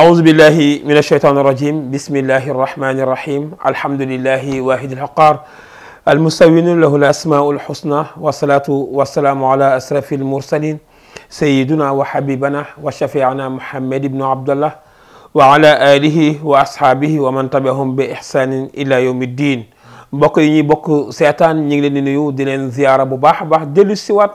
أعوذ بالله من الشيطان الرجيم بسم الله الرحمن الرحيم الحمد لله واحد الحقار المستوين له الأسماء الحسنى والصلاة والسلام على أسرف المرسلين سيدنا وحبيبنا وشفيعنا محمد بن عبد الله وعلى آله وأصحابه ومن تبعهم بإحسان إلى يوم الدين mbokk yi ñuy bokk seetaan ñu ngi leen di nuyu di leen ziyaara bu baax a baax dellu siwaat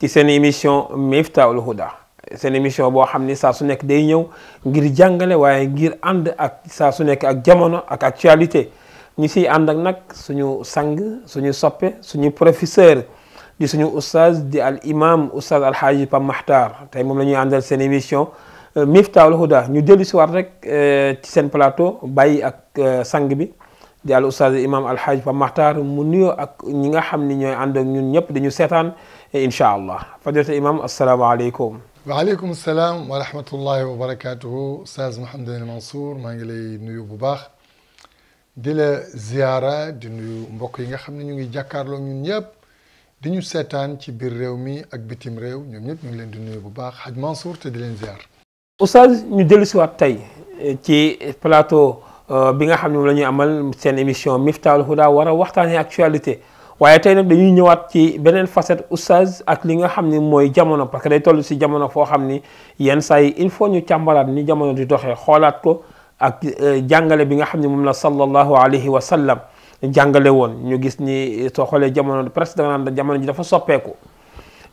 ci seen émission Miftahoul Houda seen émission boo xam ni saa su nekk day ñëw ngir jàngale waaye ngir ànd ak saa su nekk ak jamono ak actualité ñu si ànd ak nag suñu sang suñu soppe suñu professeur di suñu oustaz di al imam oustaz alhaaji pam Makhtar tey moom la ñuy àndal seen émission Miftahoul Houda ñu dellu si waat rek eh, ci seen plateau bàyyi ak eh, sang bi di al oustaz imam alhaaj Pape Makhtar mu nuyoo ak ñi nga xam ni ñooy ànd ak ñun ñëpp dañu seetaan incha allah fadilata imam asalaamaaleykum waaleykum salaam wa rahmatullahi wa barakatuhu oustaz Mouhamadou Mansour maa ngi lay nuyu bu baax di la ziara di nuyu mbokk yi nga xam ne ñu ngi jàkkaarloo ñun ñëpp di ñu seetaan ci biir réew mi ak bitim réew ñoom ñëpp ñu ngi leen di nuyu bu baax Hadj Mansour te di leen ziar oustaz ñu dellu siwaat tey ci plateau bi nga xam ne amal seen émission Miftahoul Houda war a waxtaanee actualité waaye tey nag dañuy ñëwaat ci beneen facette oustaz ak li nga xam ne mooy jamono parce que day toll si jamono foo xam ni yenn il faut ñu càmbaraat ni jamono di doxee xoolaat ko ak jàngale bi nga xam ne la sallallahu alayhi wa sallam jàngale woon ñu gis ni soo xoolee jamono presque da nga naan jamono ji dafa soppeeku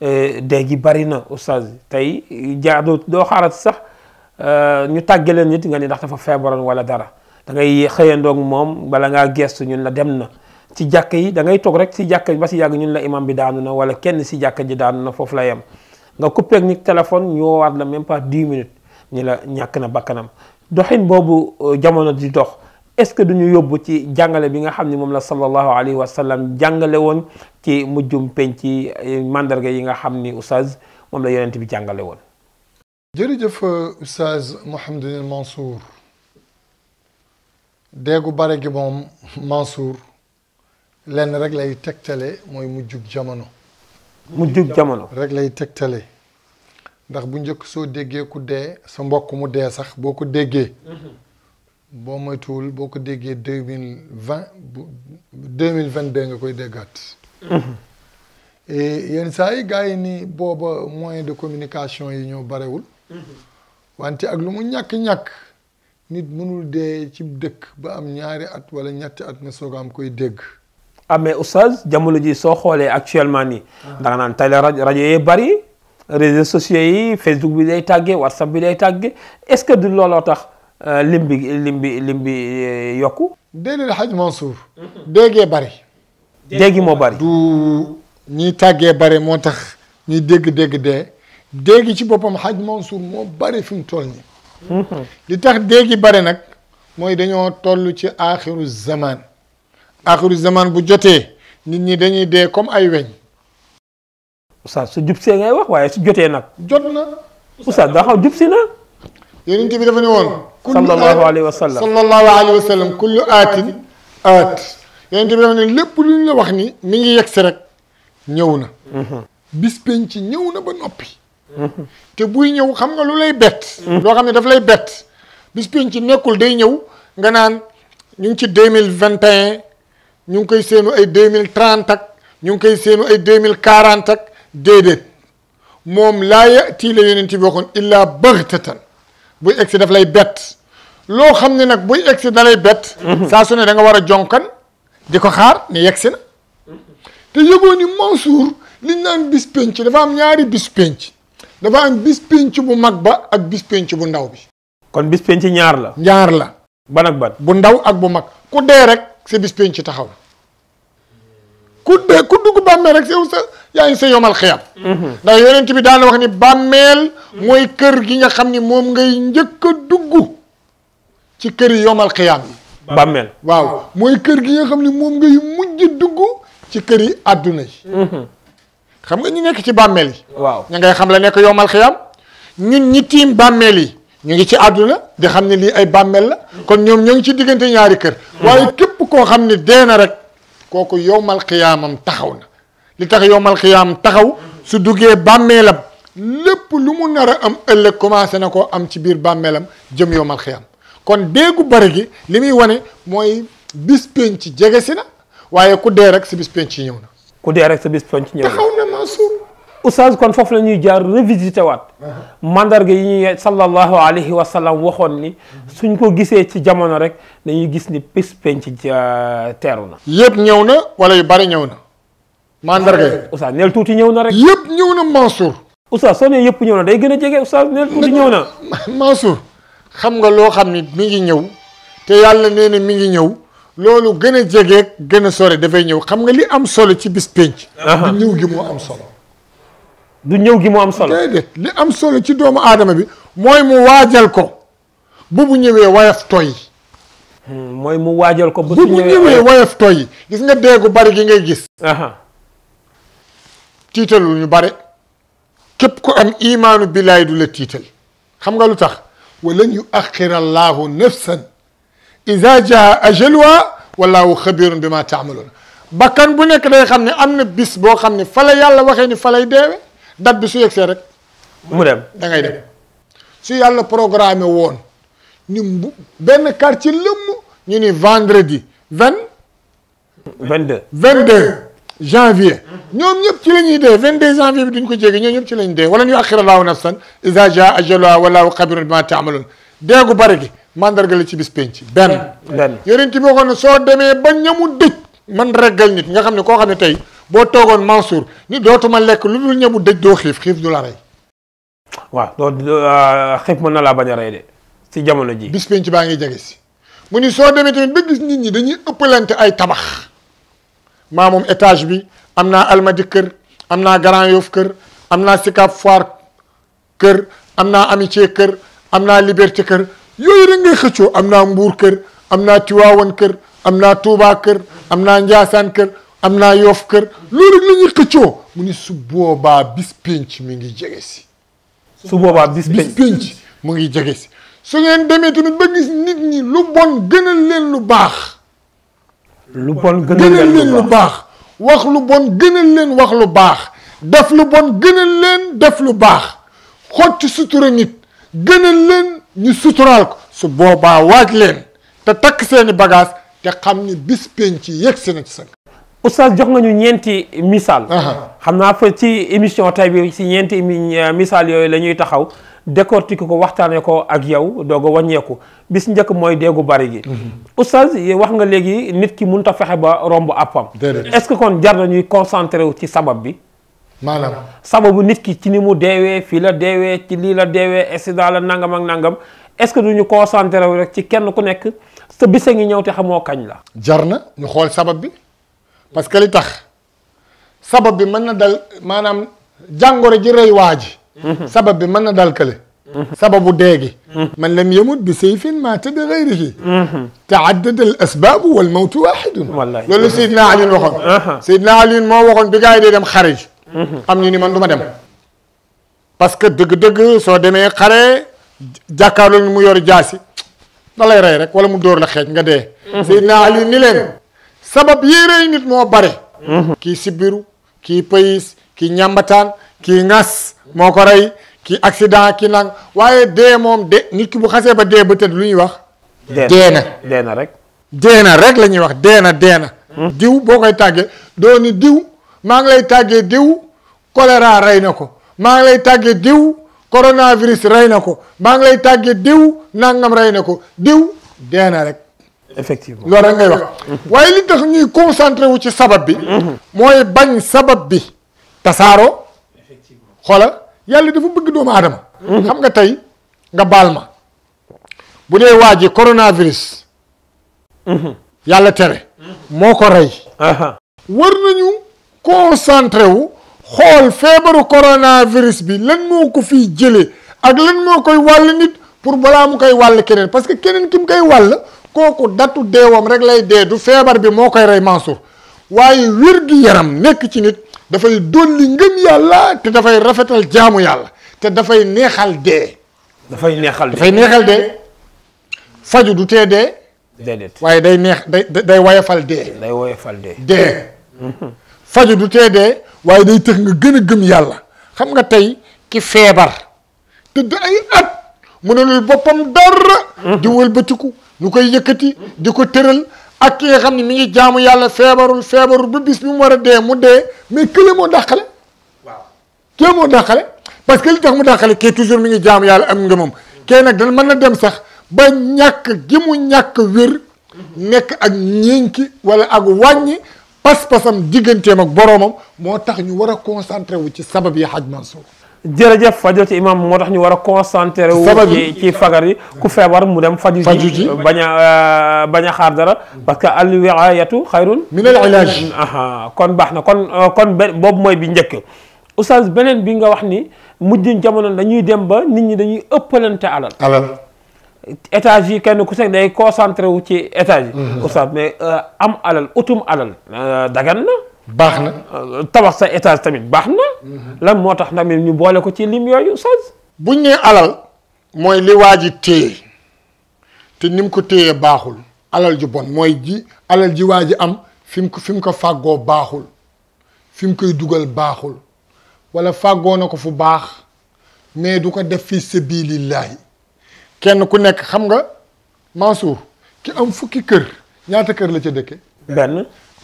dee gi bari na oustaz tey jaadoo doo xaarat sax ñu tàgge nit nga ni ndax dafa feebaroon wala dara. da ngay xëyandoog moom bala ngaa gestu ñun la dem na ci jàkk yi da ngay toog rek si jàkk ba si yàgg ñun la imam bi daanu na wala kenn si jàkk ji daanu na foofu la yem nga coupé ak nit ñu ñoowaat la même pas 10 minutes ñi la ñàkk na bakkanam doxin boobu euh, jamono di dox est-ce que duñu yóbbu ci jàngale bi nga xam ne moom la sallallahu alayhi wa sallam jàngale woon ci mujjum penc ci euh, mandarga yi nga xam ni oustaz moom la yonent bi jàngale woon jërëjëf euh, oustaz Mouhamadou Mansour déegu bare gi moom Mansour lenn rek lay tegtale mooy mujjug jamono. mujjug jamono rek lay tegtale ndax bu njëkk soo déggee ku dee sa mbokk mu dee sax boo ko déggee. Mhm. moytuwul boo déggee deux mille vingt bu deux mille vingt deux nga koy déggaat. Mhm. yenn saa yi gars yi nii booba moyen de communication yi ñoo barewul. Mhm. wante ak lu mu ñàkk ñàkk. nit mënul dee ci dëkk ba am ñaari at wala ñetti at na soog am koy dégg. ah mais oustaz jamono ji soo xoolee actuellement nii. Ah. da naan télé rajo rajo yee bari. réseaux sociaux yi Facebook bi day tàggee WhatsApp bi day tàggee est-ce que du looloo tax euh, lim bi lim bi lim euh, yokku. déedéet Hadj Mansour. déggee bari. déggi moo du ñiy tàggee bari moo tax ñuy dégg dégg dee dégg ci boppam Hadj Mansour moo bari fi mu toll nii. li tax dee gi bare nag mooy dañoo toll ci aaxiru zaman aaxiru zaman bu jotee nit ñi dañuy dee comme ay weñ. oustaz su jub see ngay wax waaye su jotee nag. jot na. oustaz daa xaw jub si na. yonent bi dafa ne woon. sallallahu alayhi wa sallam aatin aat yonent bi dafa ne lépp lu ñu la wax ni mi ngi yegg si rek ñëw na. Mhm. bis ci ñëw na ba noppi. te buy ñëw xam nga lu lay bett. loo xam ne daf lay bett bis pénc ci nekkul day ñëw nga naan ñu ngi ci deux mille vingt et un ñu ngi koy séenu ay deux mille trente ak ñu ngi koy séenu ay deux mille quarante ak déedéet moom laa yati la yonent bi waxoon illaa baxtatan buy si daf lay bett loo xam ne nag buy egsi si lay bett. Mhm. saa su ne da nga war a jonkan di ko xaar yegg si na te yëgoo ni Mansour liñ naan bis pénc dafa am ñaari bis pénc dafa am bis bu mag ba ak bis pénc bu ndaw bi. kon bis ñaar la. ñaar la. ban ak ban bu ndaw ak bu mag ku dee rek sa bis pénc taxaw ku dee ku dugg bàmmeel rek sa yaa ngi sa yomal xiyam. Mhm. ndax yonent bi daana wax ni bàmmeel. mooy kër gi nga xam ni moom ngay njëkk a dugg ci kër yi yomal xiyam bàmmeel waaw mooy kër gi nga xam ni moom ngay mujj dugg ci kër yi àdduna yi. Mhm. xam nga ñu nekk ci bàmmeel yi. waaw ña ngay xam la nekk yomal xiyam ñun ñi tiim bàmmeel yi ñu ngi ci àdduna di xam ne lii ay bàmmeel la kon ñoom ñoo ngi ci diggante ñaari kër. waaye mm-hmm. képp koo xam ne dee na rek kooku yomal xiyaamam taxaw na li tax yomal xiyaam taxaw su duggee bàmmeelam lépp lu mu nar am ëllëg commencé na koo am ci biir bàmmeelam jëm yomal xiyaam kon déegu bari gi li muy wane mooy bis penc ci jege si na waaye ku dee rek si bis penc ci ñëw na. ku dee rek sa bis ponc ñëw na Mansour oustaz kon foofu lañuy jaar revisité waat mandarga yi ñuy sallallahu alayhi wa sallam waxoon ni suñ ko gisee ci jamono rek dañuy gis ni bis penc teeru na yëpp ñëw na wala yu bari ñëw na mandarga yi oustaz neel tuuti ñëw na rek yëpp ñëw na Mansour oustaz soo ne yëpp ñëw na day gën a jege oustaz neel tuuti ñëw na Mansour xam nga loo xam ni mi ngi ñëw te yàlla nee na mi ngi ñëw loolu gën a jege gën a sore dafay ñëw xam nga li am solo ci bis pénc du ñëw gi moo am solo du ñëw gi mu am solo li am solo ci doomu aadama bi mooy mu waajal ko bu bu ñëwee wayaf toy hmm, mooy mu waajal ko bu bu ñëwee wayaf toy gis nga deegu bari gi ngay gis tiitalul ñu bari képp ko am imaanu billaay du la tiital xam nga lu tax walan yu axira allahu nafsan إذا جاء أجلوا والله خبير بما تعملون بكن بنيك لي خمني أمن بس بو خمني فلا يالله وخيني فلا يدي دب بسو يكسرك مرم دعاي دب سو يالله برنامج وون نم بن كارتي لمو نيني فاندردي فن فند فند جانفي نيوم نيوم تلين يدي فند جانفي بدون كجيك نيوم نيوم تلين يدي ولا نيو آخر الله نفسا إذا جاء أجلوا والله خبير بما تعملون ديغو بارغي mandarga la ci bis penc benn benn yonent bi waxoon ne soo demee ba ñamu dëj man reggal nit nga xam ne koo xam ne tey boo toogoon Mansour ni dootuma lekk lu dul ñamu dëj doo xiif xiif du la rey waaw doo ah, xiif mën na laa si jamono ji bis penc baa ngi jege si mu ni soo demee tamit ba gis nit ñi dañuy ëppalante ay tabax maa étage bi am naa almadi kër am naa Grand Yoff kër am naa Sicap Foire kër am naa amitié kër am naa liberté kër yooyu rek ngay xëccoo am na mbuur kër am naa tiwaawan kër am naa tuubaa kër am naa njaasaan kër am naa yoof kër loolu rek la ñuy xëccoo mu ni su boobaa bis penc mi ngi jege boobaa bis mu ngi jege si su ngeen demee tamit ba gis nit ñi lu bon gënal leen lu baax lu bon gënal leen lu baax wax lu bon gënal leen wax lu baax def lu bon gënal leen def lu baax xotti sutura nit ñu suturaal ko su boobaa waaj leen te takk seeni bagage te xam ni bis penc ci yegg si na ci sën. oustaz jox nga ñu ñeenti misaal. xam naa fa ci émission tay bi si ñeenti euh, misaal yooyu la ñuy taxaw décortiquer ko waxtaanee ko ak yow doog a wàññeeku bis njëkk mooy déegu bari gi. Mhm. oustaz wax nga léegi nit ki mënut a fexe ba romb àppam. est-ce que kon jar na ñuy concentré wu ci sabab bi. maanaam sababu nit ki ci ni mu deewee fii la deewee ci lii la deewee accident la nangam ak nangam est-ce que duñu concentré wu rek ci kenn ku nekk sa bisa ngi ñëw te xamoo kañ la. jar ñu xool sabab bi parce que li tax sabab bi mën dal maanaam jàngoro ji rey waa sabab bi mën dal kële. sababu dee gi. man lam yamut bi sayfin maata bi gayrihi. taaddada al asbaabu wal mawtu waaxidun. wallaahi loolu Seydina Alioune waxoon. Seydina Alioune خارج am ñu ni man duma dem parce que kare deug so démé xaré jakarlu mu yor jasi da lay rek wala mu door la xeej nga dé sayna Ali ni len sabab yi rey nit mo bare ki sibiru ki pays ki ñambatan ki ngas moko ray ki accident ki nang waaye dé mom dé nit ki bu xasse ba dé ba tëdd lu ñuy wax deena deena rek deena rek la wax hmm. diw bokay tagge do ni diw maa ngi lay tàggee diw choléra rey na ko maa ngi lay tàggee diw coronavirus rey na ko maa ngi tàggee diw nangam rey na ko diw dee rek. effectivement loolu rek ngay wax waaye li tax ñuy concentré wu ci sabab bi. mooy bañ sabab bi tasaaro effectivement xoola yàlla dafa bëgg doomu aadama. xam nga tey nga baal ma. bu dee waa ji coronavirus. Mhm. yàlla tere. moo ko rey. war nañu. concentré wu xool feebaru coronavirus bi lan moo ko fi jële ak lan moo koy wàll nit pour balaa mu koy wàll keneen parce que keneen ki mu koy wàll kooku datu deewam rek lay dee du feebar bi moo koy rey Mansour waaye wér gi yaram nekk ci nit dafay dolli ngëm yàlla te dafay rafetal jaamu yàlla te dafay neexal dee. dafay neexal dee dafay neexal dee faju du tee dee. waaye day neex day day woyofal day woyofal dee dee. faju du tee dee waaye day tax nga gën a gëm yàlla xam nga tey ki feebar tëdd ay at mu ne luy boppam dara mm-hmm. di wëlbatiku ñu koy yëkkati di ko tëral ak ki nga xam ne mi ngi jaamu yàlla feebarul feebarul ba bis mu war a dee mu dee mais kële moo dàqale waaw kële moo dàqale parce que li tax mu dàqale kii toujours mi ngi jaamu yàlla am ngëmam kee nag dana mën na dem sax ba ñàkk gi mu ñàkk wér mm-hmm. nekk ak ñénki walla ak wàññi pas-pasam digganteem ak boroomam moo tax ñu war a concentré wu ci sabab yi Haj Mansour jërëjëf fajo ci imam moo tax ñu war a concentré wu ci ci fagar yi ku feebar mu dem faju ji euh, bañ euh, bañ a xaar dara parce que al wiayatu xayrun min al ilaaj aha kon baax na kon euh, kon be mooy bi njëkk oustaz beneen bi nga wax ni mujj jamono dañuy dem ba nit ñi dañuy ëppalante alal alal étage yi kenn ku seg day concentré wu ci étage yi mhm. oustaz mais euh, am alal utum alal euh, dagan na baax na euh, tabax sa étage tamit baax na mhm. lan moo tax tamit ñu boole ko ci lim yooyu oustaz buñ nee alal mooy li waa ji téye te ni ko téyee baaxul alal ju bon mooy ji alal ji waa ji am fi ko fi ko fàggoo baaxul fi koy dugal baaxul wala fàggoo na ko fu baax mais du ko def fii sabilillahi kenn ku nekk xam nga Mansour ki am fukki kër ñaata kër la ca dëkke benn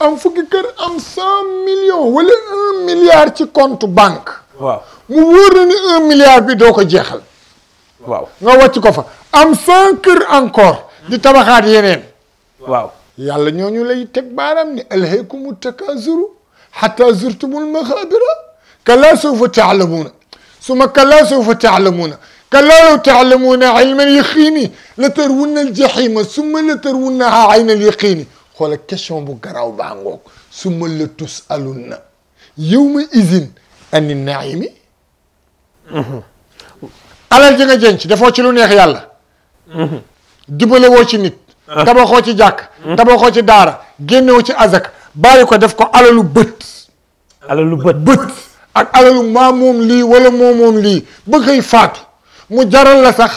am fukki kër am cent millions wala un milliard ci compte banque waaw mu wóor na ni un milliard bi doo ko jeexal waaw nga wàcc ko fa am cent kër encore di tabaxat yenen waaw yàlla ñooñu lay tek baram ni alhaykum takazuru hatta zurtumul maxaabira kala sawfa ta'lamuna suma kala sawfa ta'lamuna كلا لو تعلمون علم اليقين لترون الجحيم ثم لترونها عين اليقين xoolal question bu garaaw baa ngoog summa la tusalunna yawma izin ani naimi alal ji nga jënc dafoo ci lu neex yàlla dibale woo ci nit tabaxoo ci jàkk tabaxoo ci daara génnewoo ci azak bàyyi ko def ko alalu bët alalu bët bët ak alalu maa moom lii wala moo moom lii ba koy faatu mu jaral la sax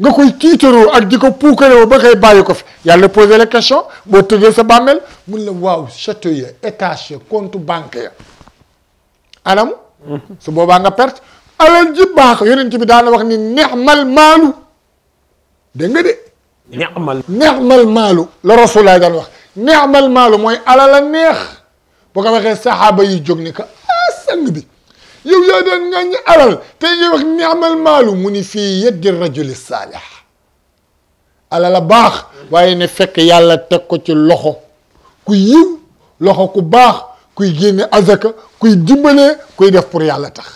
nga koy tiitaroo ak di ko puukaroo ba koy bàyyi ko fi yàlla posé la question boo tëddee sa bàmmeel mun la waaw château ya étage ya compte banque ya anam su boobaa nga perte alal ji baax yonent daana wax ni nexmal maalu dégg nga de nexmal nexmal maalu la rasulaay daan wax nexmal maalu mooy alal a neex boo ko waxee saxaaba yi jóg ni ko ah sang bi yow yaa daan ŋàññi alal te ñuy wax ni'mal maalu mu ni fii yeddi rajuli saalih alal a baax waaye ne fekk yàlla teg ko ci loxo ku yiw loxo ku baax kuy génne azaka kuy dimbalee kuy def pour yàlla tax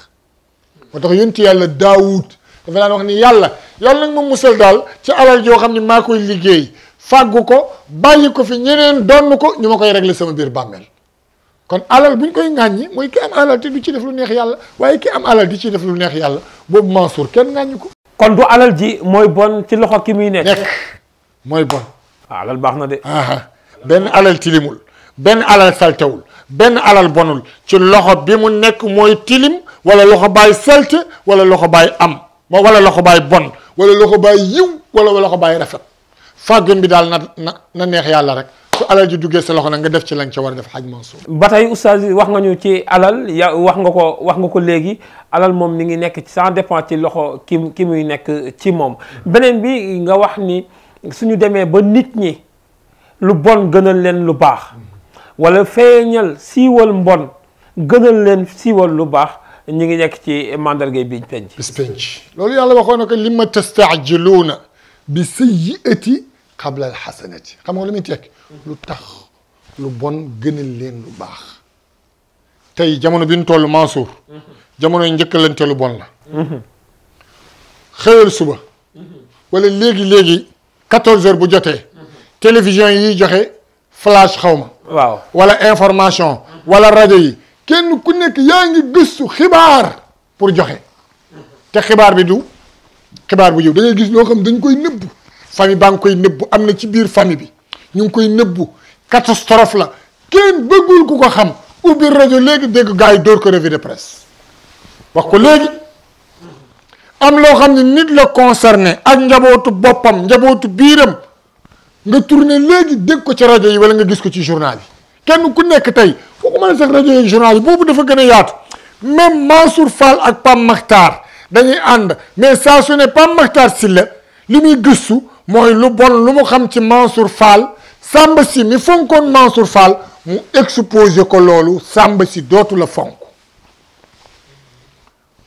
moo tax yontu yàlla daawut dafa daan wax ni yàlla yàlla nag ma musal daal ci alal joo xam ne maa koy liggéey fàggu ko bàyyi ko fi ñeneen donn ko ñu ma koy régler sama biir bàmmeel kon alal buñ koy ngagne moy ki am alal te du ci def lu neex yàlla waye ki am alal di ci def lu neex yàlla bobu Mansour ken ngagne ko. kon du alal ji moy bon ci loxo ki muy nekk. nekk mooy bon. alal baxna de aha ben alal tilimul ben alal saltewul ben alal bonul ci loxo bi mu nekk moy tilim wala loxo bay salte wala loxo bay am mo wala loxo bay bon wala loxo bay yiw wala loxo bay rafet fàggan bi dal na neex yàlla rek. su alal ji duggee sa loxo nag nga def ci lañ ca war a xaj Mansour ba tey oustaz wax nga ñu ci alal ya wax nga ko wax nga ko léegi alal moom mi ngi nekk ci sans dépend ci loxo ki ki muy nekk ci moom beneen bi nga wax ni suñu demee ba nit ñi lu bon gënal leen lu baax wala feeñal siiwal mbon gënal leen siiwal lu baax ñu ngi nekk ci mandarga biñ penc bis loolu yàlla waxoon na ko li ma tastaajiluuna bi sayyiati xablal xasanati xam nga lu muy tekk lu tax lu bon gënal leen lu baax tey jamono bi ñu toll Mansour jamono yi njëkkalante lu bon la xëyal suba wala léegi-léegi quatorze heures bu jotee télévision yi joxe flash xaw ma waaw wala information wala rajo yi kenn ku nekk yaa ngi gëstu xibaar pour joxe te xibaar bi du xibaar bu jiw da ngay gis loo xam dañ koy nëbb famille baa ngi koy nëbbu am na ci biir famille bi ñu ngi koy nëbbu catastrophe la kenn bëggul ku ko xam ubbi rajo léegi dégg gars yi dóor ko revue de presse wax ko léegi am loo xam ne nit la concerné ak njabootu boppam njabootu biiram nga tourné léegi dégg ko ci rajo yi wala nga gis ko ci journal yi kenn ku nekk tey foo ko mën a sax rajo yi journal yi boobu dafa gën a yaatu même Mansour Fall ak Pam Makhtar dañuy ànd mais saa su ne Pam Makhtar si la li muy gëstu mooy lu bon lu mu xam ci Mansour Fall Samba si mi fonkoon Mansour Fall mu exposé ko loolu Samba si dootu la fonk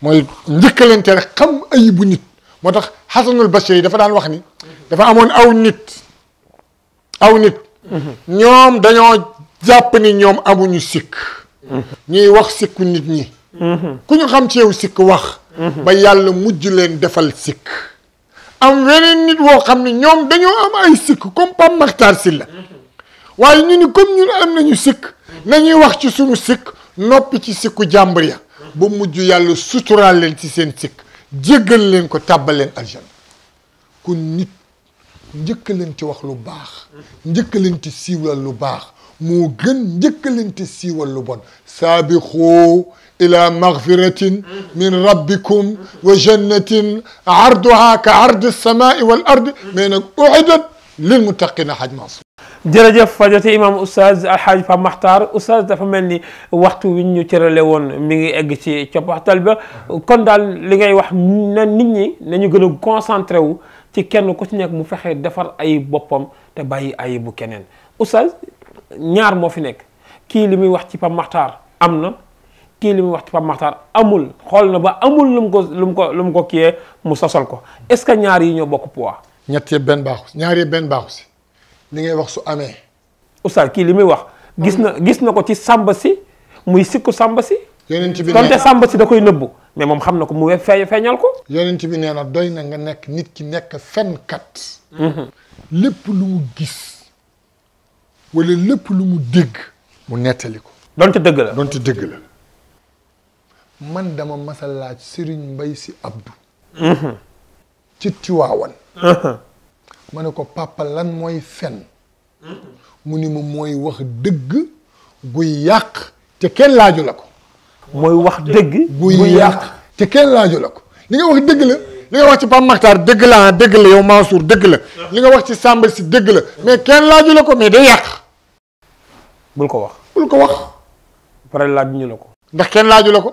mooy njëkkalante rek xam ayibu nit moo tax Xasanul Bachir yi dafa daan wax ni dafa amoon aw nit aw nit ñoom dañoo jàpp ni ñoom amuñu sikk ñuy wax sikku nit ñi mm-hmm. ku ñu xam ci yow sikk wax mm-hmm. ba yàlla mujj leen defal sikk am weneen nit woo xam ne ñoom dañoo am ay sikk comme Pape Makhtar Sylla waaye ñu ni comme ñun am nañu sikk nañuy wax ci suñu sikk noppi ci sikku jàmbur ya ba mujj yàlla suturaal leen ci seen sikk jéggal leen ko tàbbal leen aljana kon nit njëkk leen ci wax lu baax njëkk leen ci siiwlal lu baax moo gën njëkkalante siiwal lu bon saabixu ila magfiratin min rabbikum wa jannatin arduha ka ardi alsamai wal ard mais nag uxidat lil muttaqina xaj maasum jërëjëf fajoti imam oustaz alhaaj Pape Makhtar oustaz dafa mel ni waxtu wi ñu cërale woon mi ngi egg ci coppaxtal ba kon daal li ngay wax na nit ñi nañu gën a concentré wu ci kenn ku ci nekk mu fexe defar ay boppam te bàyyi ayibu keneen oustaz ñaar moo fi nekk kii li muy wax ci Pape Makhtar am na kii li muy wax ci Pape amul xool na ba amul lu mu ko lu mu ko lu mu ko kiyee mu sosal ko est-ce que ñaar yi ñoo bokk poids. ñett yëpp benn baaxu si ñaar yëpp benn baaxu si li ngay wax su amee. oustaz kii li muy wax. gis na gis na ko ci sàmba si muy sikku sàmba si. yonent bi donte sàmba si da koy nëbbu mais moom xam na ko mu fee feeñal ko. yonent bi nee na doy na nga nekk nit ki nekk fenkat mhm. lépp lu mu gis. wala lépp lu mu dégg mu nettali ko. donte dëgg la donte dëgg man dama masa laaj Serigne Mbaye si Abdou. Mhm. ci Tiwaawan. Mhm. ma ko papa lan mooy fen mu ni ma mooy wax dëgg gu yàq te kenn laaju la ko. mooy wax dëgg. gu yàq te kenn laaju la ko li nga wax dëgg la. لي واختي با مختار دغلا دغلا يو منصور دغلا لي واختي سامبل سي دغلا مي كين لاج لوكو مي دي ياخ بول كو واخ بول كو واخ بار لاج ني لوكو داخ كين لاج لوكو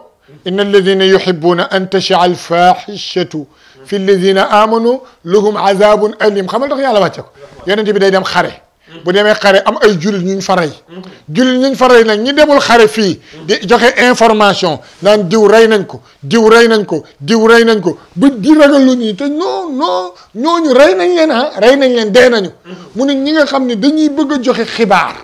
ان الذين يحبون ان تشع الفاحشه في الذين امنوا لهم عذاب اليم خمل داخ يالا واتيكو يونتي بي داي دم خاري bu demee xare am ay jullit ñu ñu fa rey jullit ñu ñu fa rey nag ñi demul xare fii di joxe information naan diw rey nañ ko diw rey nañ ko diw rey nañ ko bu di ragal lu ñi te non non ñooñu rey nañ leen ah rey nañ leen dee nañu mu ne ñi nga xam ne dañuy bëgg a joxe xibaar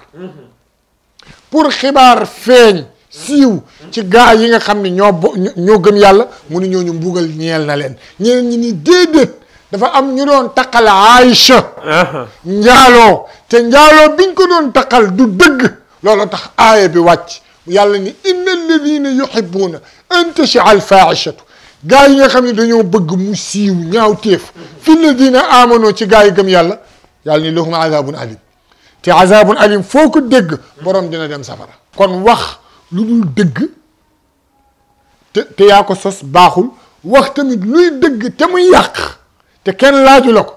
pour xibaar feeñ siiw ci gaa yi nga xam ne ñoo ñoo gëm yàlla mu ne ñooñu mbugal ñeel na leen ñi ni déedéet dafa am ñu doon taqal Aïcha njaaloo te njaaloo biñ ko doon taqal du dëgg loolu tax aaya bi wàcc yàlla ni inna alladina yuhibuuna an tashia alfaishatu gaa yi nga xam ne dañoo bëgg mu siiw ñaaw téef fi ladina amanoo ci gaa yi gëm yàlla yàlla ni lahum azabun alim te azabun alim foo ko dégg borom dina dem safara kon wax lu dul dëgg te te yaa ko sos baaxul wax tamit luy dëgg te muy yàq te kenn laaju la ko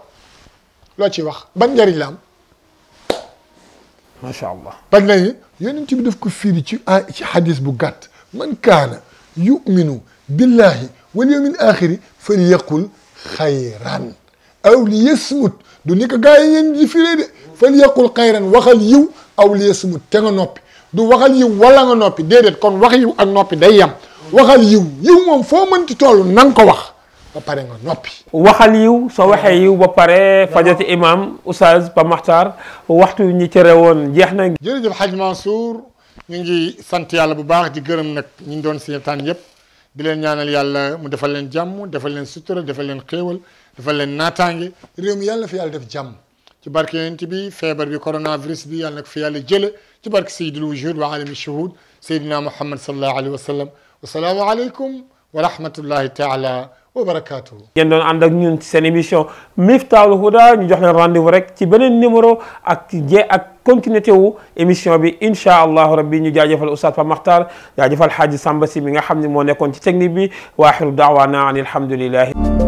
loo ci wax ban njëriñ lam ma sha allah ban lay yonent bi daf ko firi ci ci hadith bu gàtt man kana yuminu billahi wal yawmil akhir fal yaqul xayran aw liyasmut du ni ko gars yi ngeen di firee de fal yaqul xayran waxal yiw aw liyasmut te nga nopi du waxal yu wala nga nopi dedet kon wax yu ak nopi day yam waxal yu yu mom fo meunti tollu nang ko wax. ba pare nga noppi. waxal yiw soo waxee yiw ba pare fajati imam oustaz Pa Makhtar waxtu ñi cere woon jeex na. jërëjëf Hadj Mansour ñu ngi sant yàlla bu baax di gërëm nag ñi ñu doon seetaan yëpp di leen ñaanal yàlla mu defal leen jàmm defal leen sutura defal leen xéewal defal leen naataange réew mi yàlla fi yàlla def jàmm. ci barke yonent bi feebar bi coronavirus bi yàlla nag fi yàlla jële ci barke sayyidul wujud wa alami shuhud sayyidina muhammad sallallahu alayhi wa sallam wa salaamu aleykum wa rahmatullahi taala wa barakaatuhu. ngeen doon ànd ak ñun ci seen émission Miftahoul Houda ñu jox leen rendez-vous rek ci beneen numéro ak je ak continuité wu émission bi incha allahu rabbi ñu jaajëfal Oustaz Pape Makhtar jaajëfal Hadji Samba Sy mi nga xam ne moo nekkoon ci technique bi waaxiru daawaana an alhamdulillahi